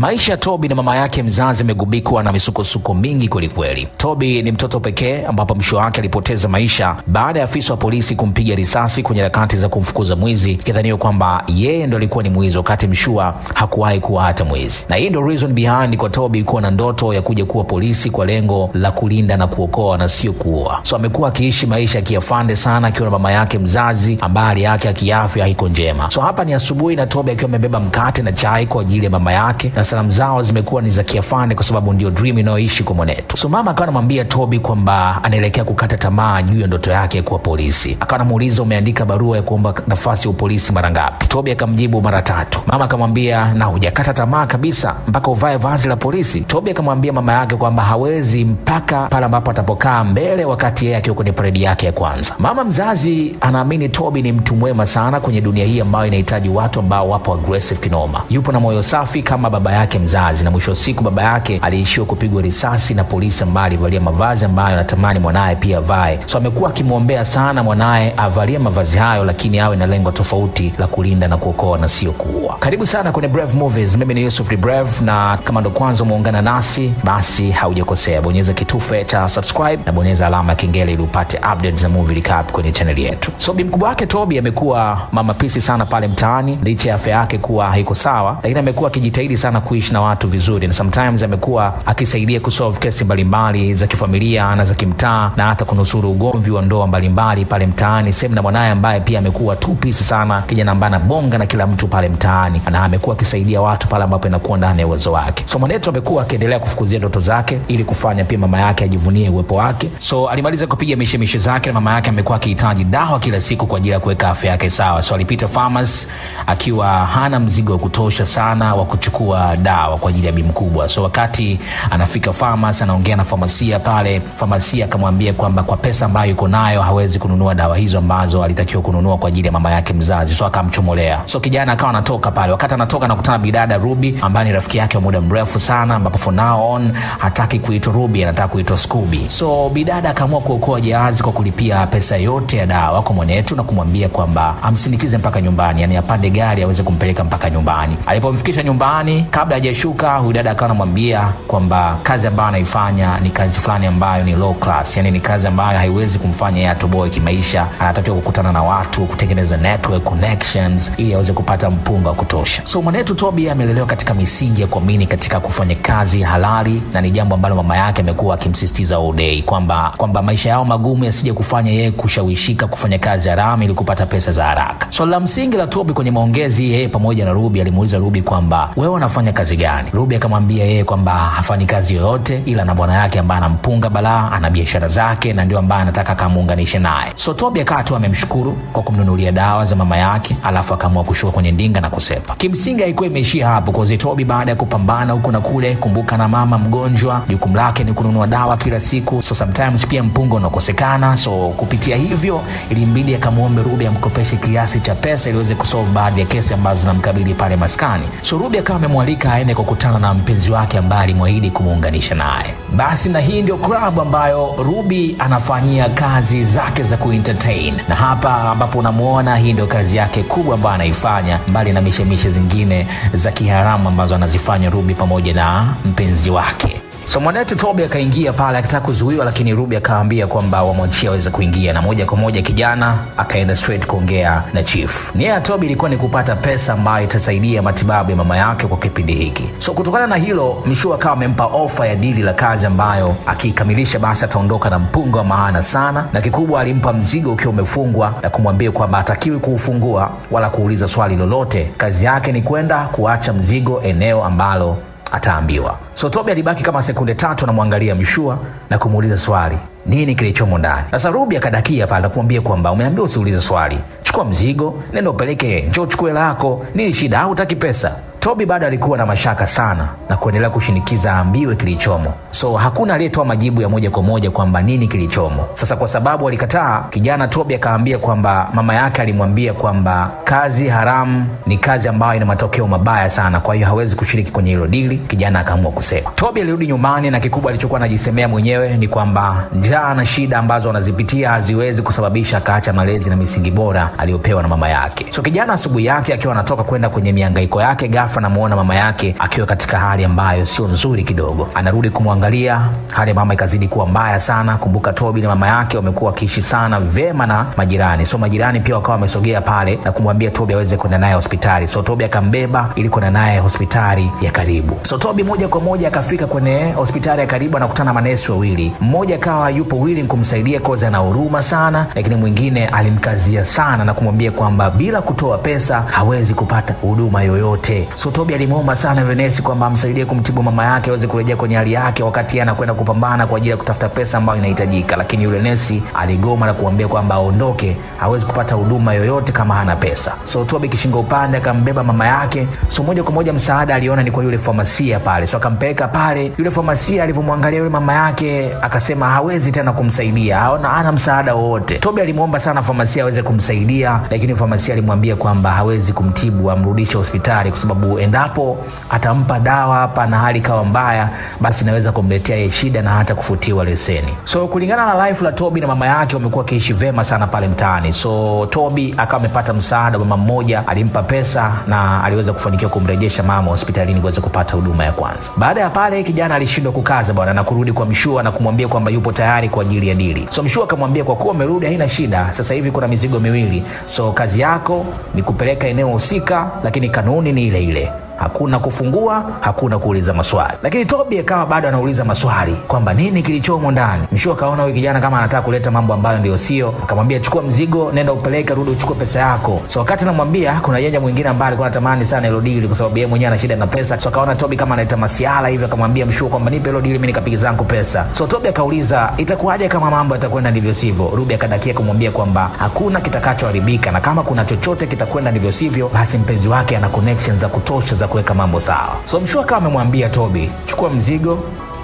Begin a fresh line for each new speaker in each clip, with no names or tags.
Maisha ya Tobi na mama yake mzazi amegubikwa na misukosuko mingi kwelikweli. Tobi ni mtoto pekee ambapo mwisho wake alipoteza maisha baada ya afisa wa polisi kumpiga risasi kwenye harakati za kumfukuza mwizi, ikidhaniwa kwamba yeye ndo alikuwa ni mwizi, wakati mshua hakuwahi kuwa hata mwizi. Na hii ndo reason behind kwa Tobi kuwa na ndoto ya kuja kuwa polisi kwa lengo la kulinda na kuokoa na sio kuua. So amekuwa akiishi maisha ya kiafande sana, akiwa na mama yake mzazi ambaye hali yake ya kiafya haiko njema. So hapa ni asubuhi na Tobi akiwa amebeba mkate na chai kwa ajili ya mama yake na salamu zao zimekuwa ni za kiafani, kwa sababu ndio dream inayoishi kwa mwanetu. So mama akawa anamwambia toby kwamba anaelekea kukata tamaa juu ya ndoto yake kuwa polisi. Akawa anamuuliza umeandika barua ya kuomba nafasi ya upolisi mara ngapi? Toby akamjibu mara tatu. Mama akamwambia na hujakata tamaa kabisa mpaka uvae vazi la polisi? Tobi akamwambia mama yake kwamba hawezi mpaka pale ambapo atapokaa mbele, wakati yeye akiwa kwenye paredi yake ya kwanza. Mama mzazi anaamini toby ni mtu mwema sana kwenye dunia hii ambayo inahitaji watu ambao wapo aggressive kinoma, yupo na moyo safi kama baba yake mzazi, na mwisho wa siku baba yake aliishiwa kupigwa risasi na polisi ambaye alivalia mavazi ambayo anatamani mwanaye pia avae. So amekuwa akimwombea sana mwanaye avalie mavazi hayo, lakini awe na lengo tofauti la kulinda na kuokoa na sio kuua. Karibu sana kwenye Brave Movies, mimi ni Yusuf Brave, na kama ndo kwanza umeungana nasi basi haujakosea, bonyeza kitufe cha subscribe na bonyeza alama ya kengele ili upate updates za movie recap kwenye chaneli yetu. So bi mkubwa wake toby amekuwa mama pisi sana pale mtaani, licha ya afya yake kuwa haiko sawa, lakini amekuwa akijitahidi sana na kuishi na watu vizuri, na sometimes amekuwa akisaidia kusolve kesi mbalimbali za kifamilia na za kimtaa na hata kunusuru ugomvi wa ndoa mbalimbali pale mtaani. Sehemu na mwanaye ambaye pia amekuwa two piece sana, kijana ambaye anabonga na kila mtu pale mtaani, na amekuwa akisaidia watu pale ambapo inakuwa ndani ya uwezo wake. So Mwanetu amekuwa akiendelea kufukuzia ndoto zake ili kufanya pia mama yake ajivunie uwepo wake. So alimaliza kupiga mishemishe zake, na mama yake amekuwa akihitaji dawa kila siku kwa ajili ya kuweka afya yake sawa. So alipita Farmers akiwa hana mzigo wa kutosha sana wa kuchukua dawa kwa ajili ya bi mkubwa. So wakati anafika pharmacy, anaongea na famasia pale, famasia akamwambia kwamba kwa pesa ambayo yuko nayo hawezi kununua dawa hizo ambazo alitakiwa kununua kwa ajili ya mama yake mzazi, so akamchomolea. So kijana akawa anatoka pale, wakati anatoka anakutana bidada Ruby ambaye ni rafiki yake wa muda mrefu sana, ambapo for now on hataki kuitwa Ruby, anataka kuitwa Scooby. So bidada akaamua kuokoa jahazi kwa kulipia pesa yote ya dawa kwa mwana mwanetu na kumwambia kwamba amsindikize mpaka nyumbani, yani apande gari aweze kumpeleka mpaka nyumbani. Alipomfikisha nyumbani kabla hajashuka huyu dada akawa anamwambia kwamba kazi ambayo anaifanya ni kazi fulani ambayo ni low class, yani ni kazi ambayo haiwezi kumfanya yeye atoboe kimaisha. Anatakiwa kukutana na watu, kutengeneza network connections ili aweze kupata mpunga wa kutosha. So mwanetu Tobi amelelewa katika misingi ya kuamini katika kufanya kazi halali, na ni jambo ambalo mama yake amekuwa akimsisitiza all day kwamba kwamba maisha yao magumu yasije kufanya yeye kushawishika kufanya kazi haramu ili kupata pesa za haraka. Swali so la msingi la Tobi kwenye maongezi, yeye pamoja na Ruby, alimuuliza Ruby kwamba wewe unafanya anafanya kazi gani? Rubi akamwambia yeye kwamba hafanyi kazi yoyote, ila na bwana yake ambaye anampunga balaa, ana biashara zake na ndio ambaye anataka akamuunganishe naye. So Tobi akawa tu amemshukuru kwa kumnunulia dawa za mama yake, alafu akaamua kushuka kwenye ndinga na kusepa. Kimsingi haikuwa imeishia hapo, kwa Tobi baada ya kupambana huku na kule, kumbuka na mama mgonjwa, jukumu lake ni kununua dawa kila siku, so sometimes pia mpungo unakosekana. So kupitia hivyo, ilimbidi akamwombe Rubi amkopeshe kiasi cha pesa ili aweze kusolve baadhi ya kesi ambazo zinamkabili pale maskani. So Rubi akawa amemwalika Malaika aende kukutana na mpenzi wake ambaye alimwahidi kumuunganisha naye. Basi na hii ndio club ambayo Ruby anafanyia kazi zake za kuentertain, na hapa ambapo unamuona, hii ndio kazi yake kubwa ambayo anaifanya, mbali na mishemishe zingine za kiharamu ambazo anazifanya Ruby pamoja na mpenzi wake. So mwanadatu Tobi akaingia pale akitaka kuzuiwa, lakini Ruby akaambia kwamba wamwachia aweze kuingia, na moja kwa moja kijana akaenda straight kuongea na chief. Nia ya Tobi ilikuwa ni kupata pesa ambayo itasaidia matibabu ya mama yake kwa kipindi hiki. So kutokana na hilo, Mishua akawa amempa ofa ya dili la kazi ambayo akiikamilisha basi ataondoka na mpungo wa maana sana, na kikubwa alimpa mzigo ukiwa umefungwa na kumwambia kwamba hatakiwi kuufungua wala kuuliza swali lolote. Kazi yake ni kwenda kuacha mzigo eneo ambalo ataambiwa. So Tobi alibaki kama sekunde tatu anamwangalia Mishua na kumuuliza swali, nini kilichomo ndani? Sasa Rubi akadakia pale akamwambia kwamba umeambiwa usiulize swali, chukua mzigo, nenda upeleke, njoo chukue lako, nini shida? Au hutaki pesa? Toby bado alikuwa na mashaka sana na kuendelea kushinikiza aambiwe kilichomo, so hakuna aliyetoa majibu ya moja kwa moja kwamba nini kilichomo. Sasa kwa sababu alikataa, kijana Toby akaambia kwamba mama yake alimwambia kwamba kazi haramu ni kazi ambayo ina matokeo mabaya sana, kwa hiyo hawezi kushiriki kwenye hilo dili. Kijana akaamua kusema. Toby alirudi nyumbani na kikubwa alichokuwa anajisemea mwenyewe ni kwamba njaa na shida ambazo anazipitia haziwezi kusababisha akaacha malezi na misingi bora aliyopewa na mama yake. So kijana asubuhi yake akiwa anatoka kwenda kwenye miangaiko yake ghafla namuona mama yake akiwa katika hali ambayo sio nzuri kidogo. Anarudi kumwangalia, hali ya mama ikazidi kuwa mbaya sana. Kumbuka Tobi na mama yake wamekuwa wakiishi sana vema na majirani, so majirani pia wakawa wamesogea pale na kumwambia Tobi aweze kwenda naye hospitali. So Tobi akambeba ili kwenda naye hospitali ya karibu. So Tobi moja kwa moja akafika kwenye hospitali ya karibu, anakutana manesi wawili, mmoja akawa yupo willing kumsaidia kozi, ana huruma sana, lakini mwingine alimkazia sana na kumwambia kwamba bila kutoa pesa hawezi kupata huduma yoyote. So Tobi alimwomba sana Venesi kwamba amsaidie kumtibu mama yake aweze kurejea kwenye hali yake, wakati anakwenda kupambana kwa ajili ya kutafuta pesa ambayo inahitajika, lakini yule nesi aligoma na kuambia kwamba aondoke, hawezi kupata huduma yoyote kama hana pesa. So Tobi kishinga upande akambeba mama yake. So moja kwa moja msaada aliona ni kwa yule famasia pale, so akampeleka pale. Yule famasia alivyomwangalia yule mama yake akasema hawezi tena kumsaidia, haona hana msaada wowote. Tobi alimwomba sana famasia aweze kumsaidia, lakini famasia alimwambia kwamba hawezi kumtibu, amrudishe hospitali kwa sababu huu endapo atampa dawa hapa na hali kawa mbaya, basi inaweza kumletea yeye shida na hata kufutiwa leseni. So kulingana na life la Tobi na mama yake, wamekuwa wakiishi vema sana pale mtaani. So Tobi akawa amepata msaada, mama mmoja alimpa pesa na aliweza kufanikiwa kumrejesha mama hospitalini kuweza kupata huduma ya kwanza. Baada ya pale, kijana alishindwa kukaza bwana na kurudi kwa Mshua na kumwambia kwamba yupo tayari kwa ajili ya dili. So Mshua akamwambia kwa kuwa umerudi, haina shida, sasa hivi kuna mizigo miwili, so kazi yako ni kupeleka eneo husika, lakini kanuni ni ile ile hakuna kufungua, hakuna kuuliza maswali. Lakini Tobi akawa bado anauliza maswali kwamba nini kilichomo ndani. Mshua akaona huyu kijana kama anataka kuleta mambo ambayo ndio sio, akamwambia chukua mzigo, nenda upeleke, rudi uchukue pesa yako. So wakati namwambia, kuna janja mwingine ambaye alikuwa anatamani sana hilo deal kwa sababu yeye mwenyewe ana shida na pesa. So akaona Tobi kama analeta masiala hivyo, akamwambia Mshua kwamba nipe hilo deal mimi nikapiga zangu pesa. So Tobi akauliza itakuwaje kama mambo yatakwenda ndivyo sivyo? Rubi akadakia kumwambia kwamba hakuna kitakachoharibika, na kama kuna chochote kitakwenda ndivyo sivyo, basi mpenzi wake ana connections za kutosha za kuweka mambo sawa. So kawa amemwambia toby chukua mzigo,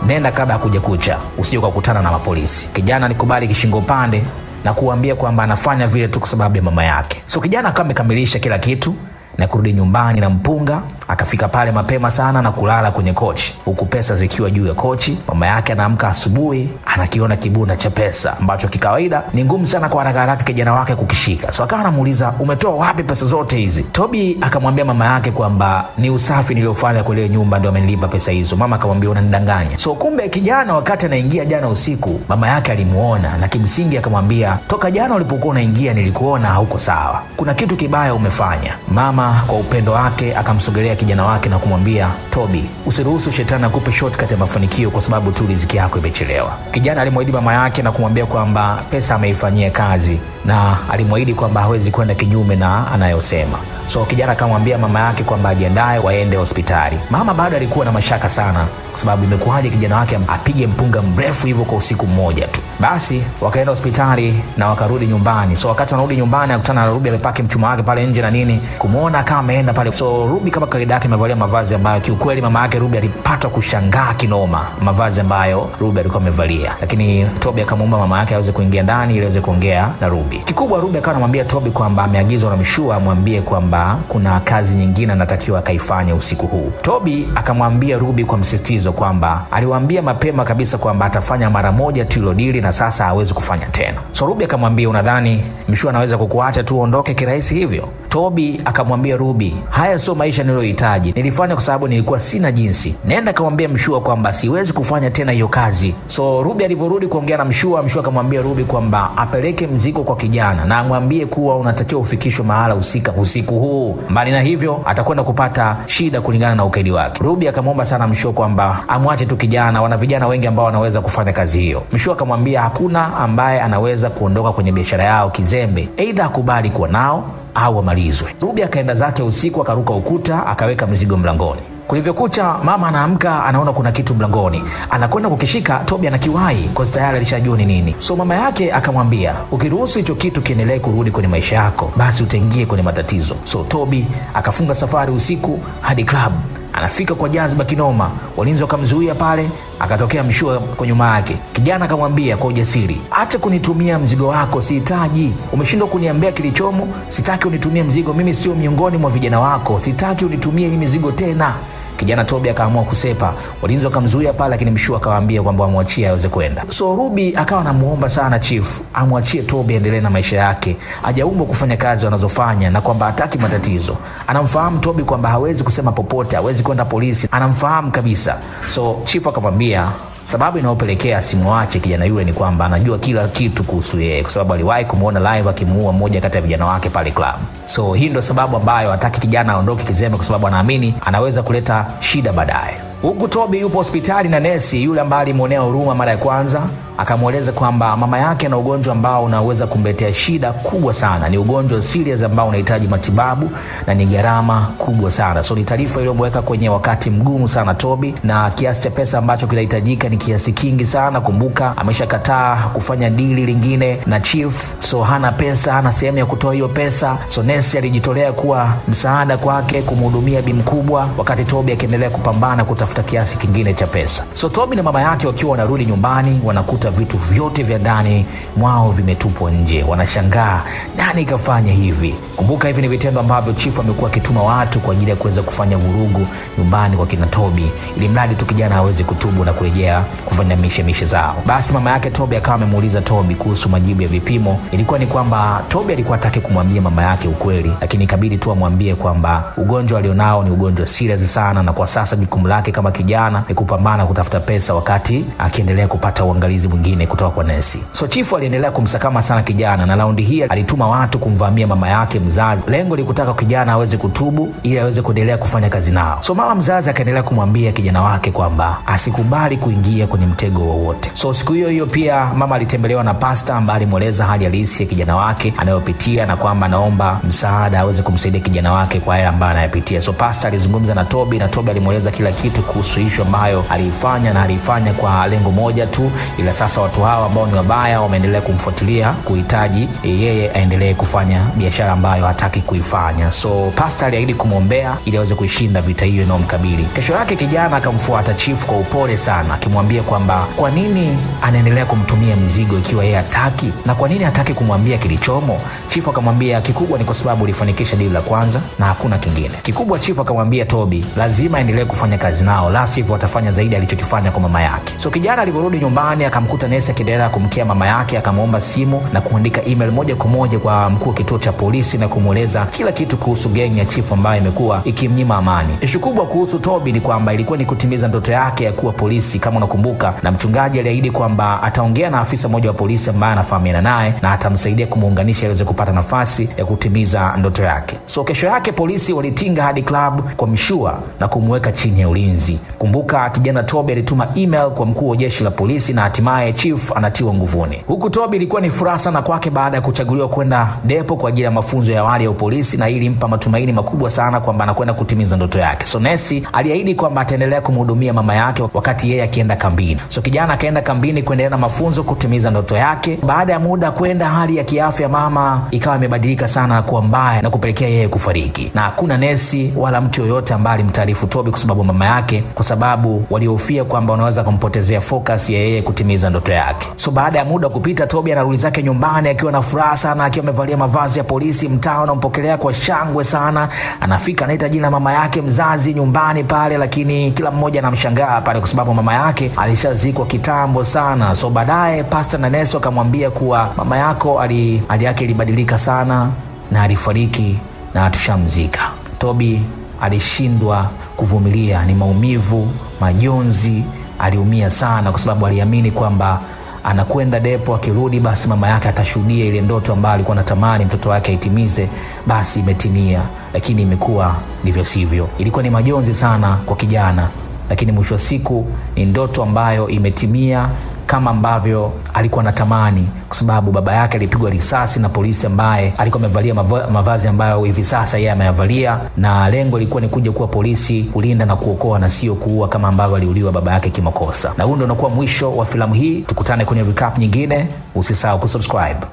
nenda kabla ya kuja kucha, usije ukakutana na mapolisi. Kijana alikubali kishingo pande na kuambia kwamba anafanya vile tu kwa sababu ya mama yake. So kijana akawa amekamilisha kila kitu na kurudi nyumbani na mpunga. Akafika pale mapema sana na kulala kwenye kochi, huku pesa zikiwa juu ya kochi. Mama yake anaamka asubuhi, anakiona kibunda cha pesa ambacho kikawaida ni ngumu sana kwa haraka haraka kijana wake kukishika. So akawa anamuuliza umetoa wapi pesa zote hizi? Tobi akamwambia mama yake kwamba ni usafi niliofanya kwa ile nyumba ndio amenilipa pesa hizo. Mama akamwambia unanidanganya. So kumbe kijana wakati anaingia jana usiku, mama yake alimuona na kimsingi akamwambia toka jana ulipokuwa unaingia nilikuona hauko sawa, kuna kitu kibaya umefanya mama Mema kwa upendo wake akamsogelea kijana wake na kumwambia, Tobi, usiruhusu shetani akupe shortcut ya mafanikio kwa sababu tu riziki yako imechelewa. Kijana alimwahidi mama yake na kumwambia kwamba pesa ameifanyia kazi na alimwahidi kwamba hawezi kwenda kinyume na anayosema. So kijana akamwambia mama yake kwamba ajiandae waende hospitali. Mama bado alikuwa na mashaka sana, kwa sababu imekuwaje kijana wake apige mpunga mrefu hivyo kwa usiku mmoja tu? Basi wakaenda hospitali na wakarudi nyumbani. So wakati wanarudi nyumbani akutana na Rubi amepaki mchuma wake pale nje na nini, kumwona Jana akawa ameenda pale, so Ruby kama kawaida yake amevalia mavazi ambayo kiukweli mama yake Ruby alipata kushangaa kinoma, mavazi ambayo Ruby alikuwa amevalia, lakini Toby akamuomba mama yake aweze kuingia ndani ili aweze kuongea na Ruby. Kikubwa Ruby akawa anamwambia Toby kwamba ameagizwa na mshua amwambie kwamba kuna kazi nyingine anatakiwa akaifanya usiku huu. Toby akamwambia Ruby kwa msisitizo kwamba aliwaambia mapema kabisa kwamba atafanya mara moja tu hilo dili na sasa hawezi kufanya tena. So Ruby akamwambia, unadhani mshua anaweza kukuacha tu uondoke kirahisi hivyo? Toby akamwambia akamwambia Ruby, haya sio maisha niliyohitaji, nilifanya kwa sababu nilikuwa sina jinsi. Nenda kamwambia Mshua kwamba siwezi kufanya tena hiyo kazi. So Ruby alivyorudi kuongea na Mshua, Mshua akamwambia ruby kwamba apeleke mzigo kwa kijana na amwambie kuwa unatakiwa ufikishwe mahala husika usiku huu, mbali na hivyo atakwenda kupata shida kulingana na ukaidi wake. ruby akamwomba sana Mshua kwamba amwache tu kijana, wana vijana wengi ambao wanaweza kufanya kazi hiyo. Mshua akamwambia hakuna ambaye anaweza kuondoka kwenye biashara yao kizembe, aidha akubali kuwa nao au amalizwe. Rubi akaenda zake usiku, akaruka ukuta, akaweka mzigo mlangoni. Kulivyokucha, mama anaamka, anaona kuna kitu mlangoni, anakwenda kukishika. Tobi anakiwahi kwa tayari alishajua ni nini, so mama yake akamwambia, ukiruhusu hicho kitu kiendelee kurudi kwenye maisha yako, basi utaingie kwenye matatizo. So Tobi akafunga safari usiku hadi klabu anafika kwa jazba kinoma, walinzi wakamzuia pale, akatokea mshua kwa nyuma yake. Kijana akamwambia kwa ujasiri, acha kunitumia mzigo wako, sihitaji. Umeshindwa kuniambia kilichomo, sitaki unitumie mzigo, mimi sio miongoni mwa vijana wako, sitaki unitumie hii mizigo tena. Kijana Tobi akaamua kusepa, walinzi wakamzuia pale, lakini Mshua akawaambia kwamba wamwachie aweze kwenda. So Ruby akawa anamuomba sana chief amwachie Tobi aendelee na maisha yake, ajaumbwa kufanya kazi wanazofanya na kwamba hataki matatizo. Anamfahamu Tobi kwamba hawezi kusema popote, hawezi kwenda polisi, anamfahamu kabisa. So chief akamwambia Sababu inayopelekea asimwache kijana yule ni kwamba anajua kila kitu kuhusu yeye, kwa sababu aliwahi kumuona live akimuua mmoja kati ya vijana wake pale club. So hii ndio sababu ambayo hataki kijana aondoke kizembe, kwa sababu anaamini anaweza kuleta shida baadaye. Huku Tobi yupo hospitali na nesi yule ambaye alimuonea huruma mara ya kwanza akamweleza kwamba mama yake ana ugonjwa ambao unaweza kumletea shida kubwa sana, ni ugonjwa serious ambao unahitaji matibabu na ni gharama kubwa sana. So ni taarifa iliyomweka kwenye wakati mgumu sana toby na kiasi cha pesa ambacho kinahitajika ni kiasi kingi sana. Kumbuka ameshakataa kufanya dili lingine na Chief, so hana pesa, hana sehemu ya kutoa hiyo pesa. So Nesi alijitolea kuwa msaada kwake kumhudumia bi mkubwa, wakati Tobi akiendelea kupambana kutafuta kiasi kingine cha pesa. So Tobi na mama yake wakiwa wanarudi nyumbani wanakuta wanakuta vitu vyote vya ndani mwao vimetupwa nje, wanashangaa nani kafanya hivi. Kumbuka hivi ni vitendo ambavyo chifu amekuwa akituma watu kwa ajili ya kuweza kufanya vurugu nyumbani kwa kina Tobi, ili mradi tu kijana aweze kutubu na kurejea kufanya mishe mishe zao. Basi mama yake Tobi akawa amemuuliza Tobi kuhusu majibu ya vipimo. Ilikuwa ni kwamba Tobi alikuwa atake kumwambia mama yake ukweli, lakini ikabidi tu amwambie kwamba ugonjwa alionao ni ugonjwa serious sana, na kwa sasa jukumu lake kama kijana ni kupambana kutafuta pesa wakati akiendelea kupata uangalizi mwingine kutoka kwa Nancy. So chifu aliendelea kumsakama sana kijana, na raundi hii alituma watu kumvamia mama yake mzazi. Lengo likutaka kijana aweze kutubu ili aweze kuendelea kufanya kazi nao. So mama mzazi akaendelea kumwambia kijana wake kwamba asikubali kuingia kwenye mtego wowote. So siku hiyo hiyo pia mama alitembelewa na pasta ambaye alimweleza hali halisi ya kijana wake anayopitia, na kwamba anaomba msaada aweze kumsaidia kijana wake kwa yale ambayo anayapitia. So pasta alizungumza na Tobi na Tobi alimweleza kila kitu kuhusu ishu ambayo aliifanya na aliifanya kwa lengo moja tu ila sasa watu hawa ambao ni wabaya wameendelea kumfuatilia kuhitaji yeye aendelee kufanya biashara ambayo hataki kuifanya. So Pasta aliahidi kumwombea ili aweze kuishinda vita hiyo inayomkabili. Kesho yake kijana akamfuata chifu kwa upole sana, akimwambia kwamba kwa nini anaendelea kumtumia mizigo ikiwa yeye hataki, na kwa nini hataki kumwambia kilichomo. Chifu akamwambia kikubwa ni kwa sababu ulifanikisha dili la kwanza na hakuna kingine kikubwa. Chifu akamwambia Tobi lazima aendelee kufanya kazi nao, la sivyo atafanya zaidi alichokifanya kwa mama yake. So kijana alivyorudi nyumbani akamkuta alimkuta Nesi Kidera kumkia mama yake, akamwomba simu na kuandika email moja kwa moja kwa mkuu wa kituo cha polisi na kumweleza kila kitu kuhusu gengi ya chifu ambayo imekuwa ikimnyima amani. Ishu kubwa kuhusu Tobi ni kwamba ilikuwa ni kutimiza ndoto yake ya kuwa polisi. Kama unakumbuka, na mchungaji aliahidi kwamba ataongea na afisa mmoja wa polisi ambaye anafahamiana naye na atamsaidia kumuunganisha aweze kupata nafasi ya kutimiza ndoto yake. So kesho yake polisi walitinga hadi club kwa mshua na kumweka chini ya ulinzi. Kumbuka kijana Tobi alituma email kwa mkuu wa jeshi la polisi na hatimaye hatimaye Chief anatiwa nguvuni. Huku tobi ilikuwa ni furaha sana kwake baada ya kuchaguliwa kwenda depo kwa ajili ya mafunzo ya awali ya upolisi, na hii ilimpa matumaini makubwa sana kwamba anakwenda kutimiza ndoto yake. So Nesi aliahidi kwamba ataendelea kumhudumia mama yake wakati yeye akienda kambini. So kijana akaenda kambini kuendelea na mafunzo, kutimiza ndoto yake. Baada ya muda kwenda, hali ya kiafya mama ikawa imebadilika sana na kuwa mbaya na kupelekea yeye kufariki, na hakuna nesi wala mtu yoyote ambaye alimtaarifu tobi kwa sababu mama yake, kwa sababu waliohofia kwamba wanaweza kumpotezea focus ya yeye kutimiza ndoto yake. So baada ya muda wa kupita, Tobi anarudi zake nyumbani akiwa na furaha sana, akiwa amevalia mavazi ya polisi. Mtaa anampokelea kwa shangwe sana. Anafika, anaita jina mama yake mzazi nyumbani pale, lakini kila mmoja anamshangaa pale kwa sababu mama yake alishazikwa kitambo sana. So baadaye Pastor Naneso akamwambia kuwa mama yako ali hali yake ilibadilika sana na alifariki na tushamzika. Tobi alishindwa kuvumilia, ni maumivu, majonzi aliumia sana, kwa sababu aliamini kwamba anakwenda depo, akirudi basi mama yake atashuhudia ile ndoto ambayo alikuwa anatamani mtoto wake aitimize, basi imetimia. Lakini imekuwa ndivyo sivyo. Ilikuwa ni majonzi sana kwa kijana, lakini mwisho wa siku ni ndoto ambayo imetimia kama ambavyo alikuwa anatamani, kwa sababu baba yake alipigwa risasi na polisi ambaye alikuwa amevalia mavazi ambayo hivi sasa yeye ameyavalia, na lengo lilikuwa ni kuja kuwa polisi, kulinda na kuokoa na sio kuua, kama ambavyo aliuliwa baba yake kimakosa. Na huu ndio unakuwa mwisho wa filamu hii. Tukutane kwenye recap nyingine, usisahau kusubscribe.